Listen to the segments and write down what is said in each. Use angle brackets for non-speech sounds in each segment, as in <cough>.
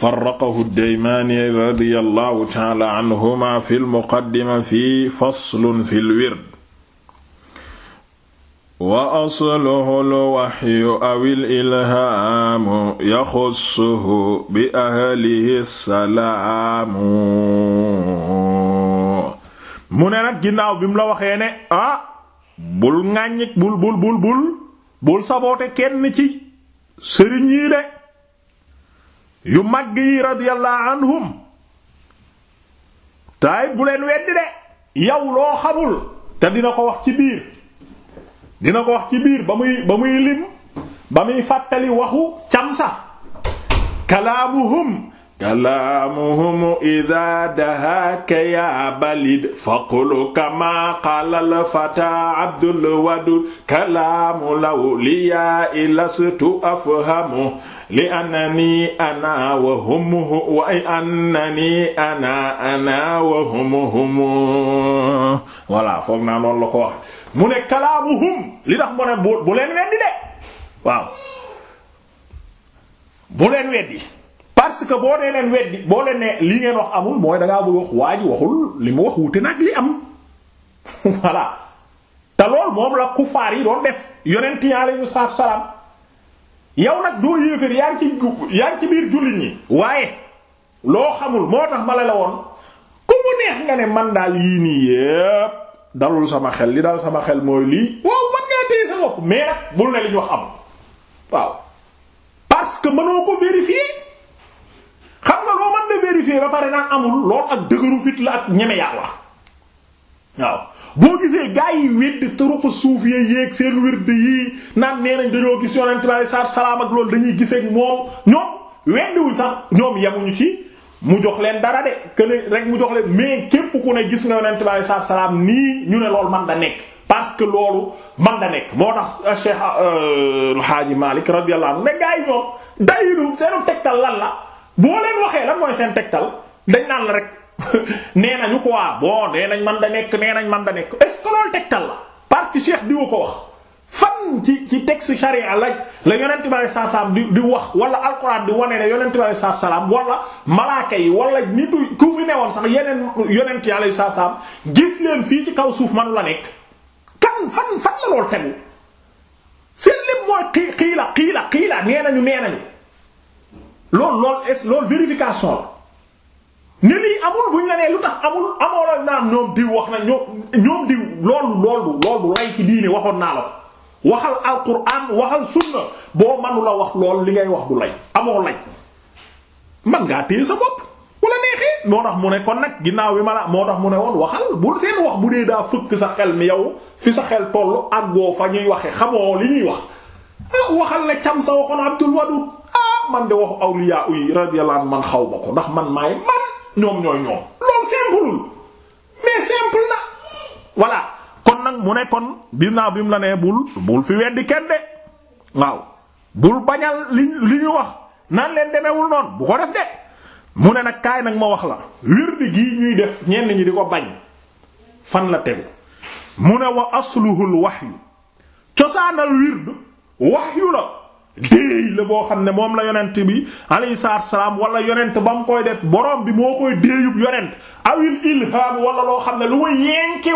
farraqahu ddaymaani radiyallahu taala anhuma fi lmuqaddima fi faslun fi lwird wa asluhu lwaxyu aw ilhaamu yaxussuhu bi ahlihi salaamu mu ne nag ginnaaw bi mu la waxee ne ah bul ŋàññi bul bul bul bul bul saboote kenn ci sëriñ yi de yu mag yi radiyallahu anhum ta bu leen weddi de yow loo xamul te dina ko wax ci biir dina ko wax ci biir ba muy ba lim ba muy fàttali waxu cam camsa kalaamuhum kalaamuhum ida dahaaka yaa balid faqulu kama qaalal fata abdul wadud kalaamu law liyaa ilastu afhamu li annani ana wa hum wa annani ana ana wa hum hum voilà foog naa noonu la ko wax mu ne kalaamuhum li tax mu ne bu leen weddi de waaw bu leen weddi parce que boo dee leen weddi boo leen ne li ngeen wax amul mooy da ngaa bëgg wax waa waxul li mu wax wute nag li am <laughs> voilà te lool moom la kufaar yi doon def yonent yi alayhi salaatu salaam nag doo yéeféer yaa ngi ci biir jullit ñi waaye loo xamul moo tax ma la la woon ku mu neex nga ne man daal yii nii yépp dalul sama xel li daal sama xel mooy lii waaw man ngaa téye sa bopp mais nag bul ne li wax am waaw parce que mënoo ko vérifier la vérifier ba pare naan amul lool ak dëgëru fit la ak ñeme yàlla waaw boo gisee gaa yi wedd turuq suuf ya yéeg seen wird yi naan nee nañ dañoo gis yonent bi saa salaam ak loolu dañuy gisee giseeg moom ñoom weddiwul sax ñoom yemuñu ci mu jox leen dara de que rek mu jox leen mais képp ku ne gis nga yonent bi saa salaam nii ñu ne loolu man da nekk. parce que loolu man da nekk moo tax euh, Cheikh euh, El Hadji Malick radiyallahu seenu tegtal lan la. boo leen waxee lan mooy seen tegtal dañ naan la rek <laughs> nee nañu quoi bon nee nañ man da nekk nee nañ man da nekk est-ce que loolu tegtal la parce que cheikh ko wax fan ci ci si charia la la yonent bi saa saam di di wax wala alxuraan di wane ne yonent bi saa saam wala malaaka yi wala nitu ku fi newoon sax yeneen yonent yi saa saam gis leen fii ci kaw suuf manu la nekk kan fan fan la lool tegu seen lépp mooy xii xiila xiila xiila nee nañu nee loolu loolu est loolu vérification la ne amul buñ wax na ñoom ñoom diw loolu lay ci diine waxoon naa la ko waxal alquran waxal sunna boo mënu wax loolu li ngay wax du lay amoo lay man ngaa téye sa bopp wala neexee moo tax mu ne kon nag ginnaaw bi ma la moo tax mu ne woon waxal bul seen wax bu dee daa fëkk sa xel mi yow fi sa xel tollu àggoo fa ñuy waxe xamoo li ñuy wax ah, waxal ne cam sa waxoon Abdul Wadud man de waxu awliya yi radiyallahu anhu man xaw ma ko ndax man maay man ñoom ñooy ñoom loolu simple mais simple na voilà kon nag mu ne kon bi naa bi la ne bul bul fi weddi kenn de waaw bul bañal li li ñu wax nan leen demewul noonu bu ko def de mu ne nag kaay nag ma wax la wirdi gi ñuy def ñenn ñi di ko bañ fan la tegu mu ne wa asluhul wahyu cosaanal wird wahyu la déey la boo xam ne moom la yonent bi alayhi salaatu salaam wala yonent ba mu koy def boroom bi moo koy déeyub yonent awil ilham wala loo xam ne lu muy yenki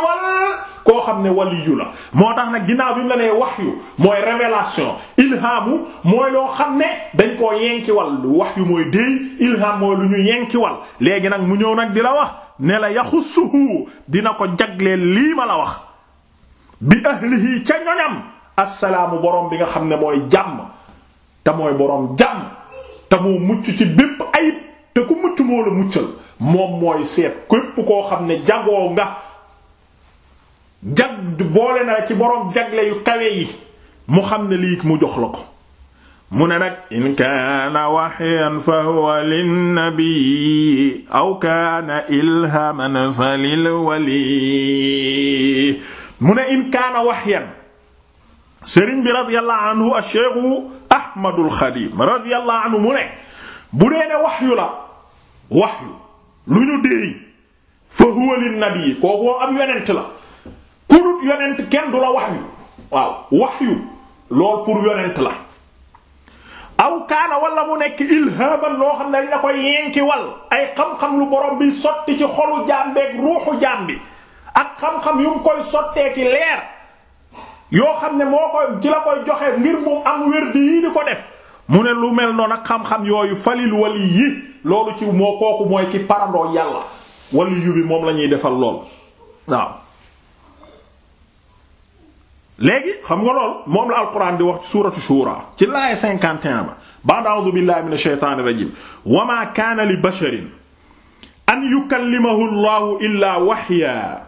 koo xam ne waliyu la moo tax nag ginnaaw bi mu la nee wahyu mooy révélation ilhamu mooy loo xam ne dañ koo yenki wal wahyu mooy déey ilham mooy lu ñu yenki wal léegi nag mu ñëw nag di la wax ne la yaxussuhu dina ko jagleel lii ma la wax bi ahlihi ca ñoñam assalaamu boroom bi nga xam ne mooy jàmm te mooy boroom jàmm te moo mucc ci bépp ayib te ku mucc moo la muccal moom mooy seet képp koo xam ne jagoo nga jag boole na ci boroom jagle yu kawe yi mu xam ne lii mu jox la ko mu ne nag in kaana waxyan fa huwa linnabii aw kaana ilhaman fa lil wali mu ne in kaana waxyan sëriñ bi radiyallahu anhu ash-shaykhu Ahmadul Xadim radiyallahu anhu mu ne bu dee ne waxyu la waxyu lu ñu déey fa huwa lin nabi kooku am yonent la ku yonent kenn la waxyu waaw lool pour yonent la aw kaana wala mu nekk ilhaaban loo xam ne dañ la koy yenki wal ay xam-xam lu borom bi sotti ci xolu jaam ruuxu jaam ak xam-xam yu mu koy sottee leer yoo xam ne moo koy ci la koy joxe ngir moom am wérdi yii di ko def mu ne lu mel noonu ak xam-xam yooyu falil wali yi loolu ci moo kooku mooy ki parandoo yàlla wali yu bi moom la ñuy defal lool waaw léegi xam nga lool moom la alquran di wax ci suuratu shura ci laaya 51 ba ba'da a'udhu billahi minash shaytanir rajim wa ma kana li basharin an yukallimahu allahu illa wahya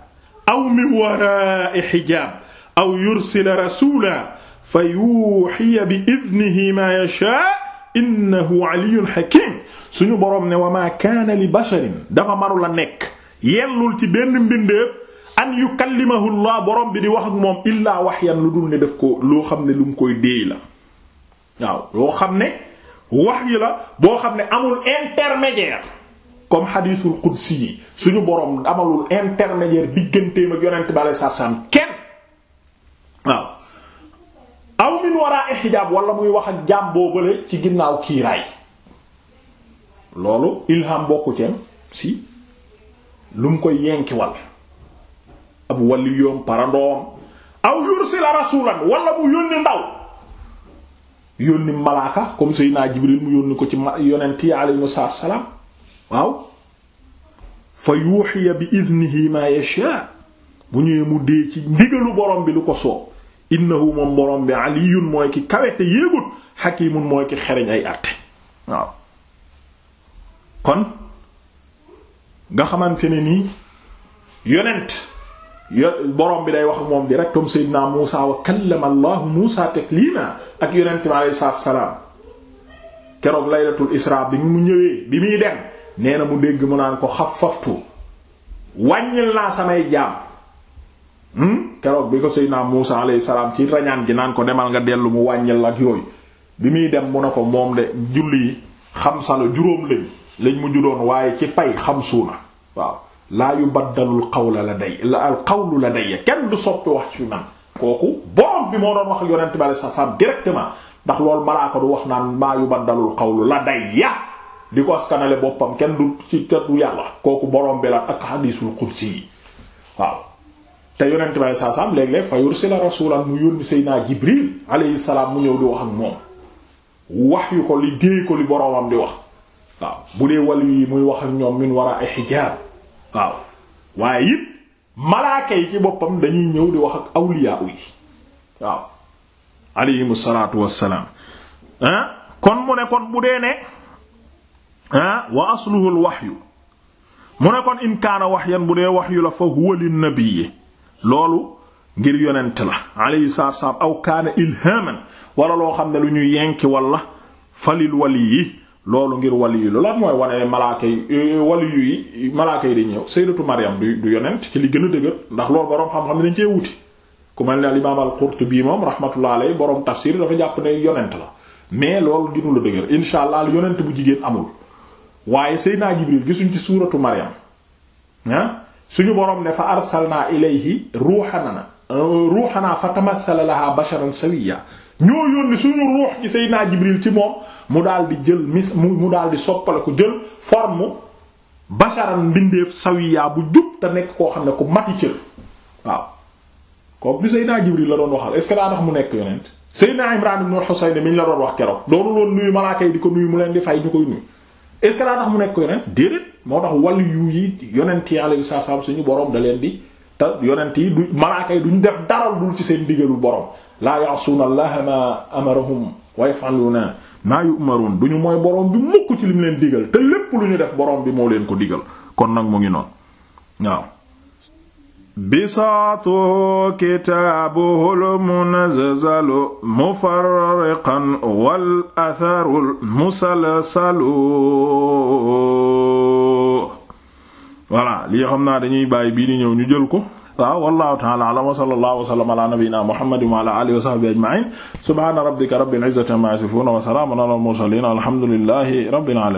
aw min wara'i hijab aw yursila rasuula fa yuuxiya bi idnihi maa yashaa innahu aliyyun hakiim suñu boroom ne wa maa kaana li basharin dafa maru la nekk yellul ci benn mbindeef an yukallimahu Allah boroom bi di wax moom illaa waxyan lu def loo xam ne lu koy déey la waaw loo xam wax yi la boo xam ne amul intermédiaire comme xadiisul qudsi yi suñu boroom amalul intermédiaire digganteem ak yonent bi alayhi salaam kenn waaw aw min waraa xijaab wala muy wax ak jaam boobale ci ginnaaw kiiraay loolu ilham bokku ceem si lu mu koy yenki wal ab wàlli yoom parandoom aw yursila rasulan wala mu yónni ndaw yónni malaaka comme Seydina Jibril mu yónni ko ci yonent yi aleyhimu salaam waaw fa yuuxiya bi idnihi ma bu ñëwee mu ci ndigalu borom bi lu ko soob innahu moom borom bi aliyun mooy ki kawe te yéegut xakimun mooy ki xereñ ay àtte waaw kon nga xamante ne nii yonent yo borom bi day wax moom direct comme Seydina Muusa wa kallama Allahu Muusa taklima ak yonent bi alayhi salaam keroog laylatul isra bi mu ñëwee bi muy dem nee na mu dégg mu naan ko xaffaftu wàññil naa samay jaam hmm? keroog bi ko Seydina Muusa alayhi salaam ci rañaan gi naan ko demal nga dellu mu wàññil ak yooyu bi muy dem mu ne ko moom de julli yi xam sala juróom lañ lañ mu judoon waaye ci pay xam suuna waaw laa yu baddalul qawla la day laa al qawlu la day kenn du soppi wax ci man kooku borom bi moo doon wax yonent sa alayhi salaam directement ndax loolu malaaka du wax naan maa yu baddalul qawlu la day ya di ko askanale boppam kenn du ci tet du yàlla kooku borom bi la ak hadiisul qudsi te yonent bi saa saam léeg-léeg fa yursila rasulan mu yónni Seydina Jibril alayhi salaam mu ñëw di wax ak moom wax yu ko li déey ko li boromam di wax waaw bu dee wàll yi muy wax ak ñoom min malaaka ci boppam dañuy ñëw di wax ak awliya yi waaw mu ne kon bu dee ne wa asluhu al wahyu mu ne kon in kaana wahyan bu dee wahyu la fa huwa lin nabiyyi loolu ngir yonent la alayhi salaatu salaam aw kaana ilhaman wala loo xam ne lu ñuy yenki wala falil wali yi loolu ngir wali yi lu lan mooy wane malaaka yi euh, wali yi malaaka yi dañ ñëw sayyidatu Maryam du du yonent ci li gën a dëgër ndax loolu boroom xam-xam dañ cee wuti ku mel ne al imaam al Qurtubi moom rahmatullah alayhi boroom tafsir dafa jàpp ne yonent la mais loolu gënu la dëgër insha allah yonent bu jigéen amul waaye Seydina Jibril gisuñ ci suuratu Maryam ah, suñu boroom ne fa arsalnaa ilayhi ruuxanana euh, ruuxanaa fa tamassala laha basharan sawiya ñoo yónni suñu ruux gi Seydina Jibril ci moom mu daal di jël mis mu daal di soppale ko jël forme basharan mbindeef sawiya bu jub te nekk koo xam ne ku mati cër waaw kooku du Seydina Jibril la doon waxal est-ce daa tax mu nekk yonent Seydina Imran ibn Husayn mi ñu la doon wax keroog doonu loon nuyu malaaka yi di ko nuyu mu leen di fay ñu koy nuyu est daa tax mu nekk ko yonent déedéet moo tax wàllu yu yi yonent yi alayhi salaam suñu borom da leen di te yonent yi du malaaka yi duñ def dara dul ci seen digalu borom laa ya'suuna allaha ma amarahum wa yaf'aluuna maa yu'maruun duñu mooy borom bi mukk ci lim leen digal te lépp lu ñu def borom bi moo leen ko digal kon nag mu ngi noonu waaw bisaatu kitaabuhul munazzalu mufarriqan wal atharul musalsalu voilà lii xam naa dañuy bàyyi bii di ñëw ñu jël ko waaw wallahu ta'ala a'lam wa sallallahu wa sallama ala nabiyyina muhammadin wa ala alihi wa sahbihi ajma'in subhana rabbika rabbil izzati amma yasifun wa salamun ala al mursalin alhamdulillahi rabbil alamin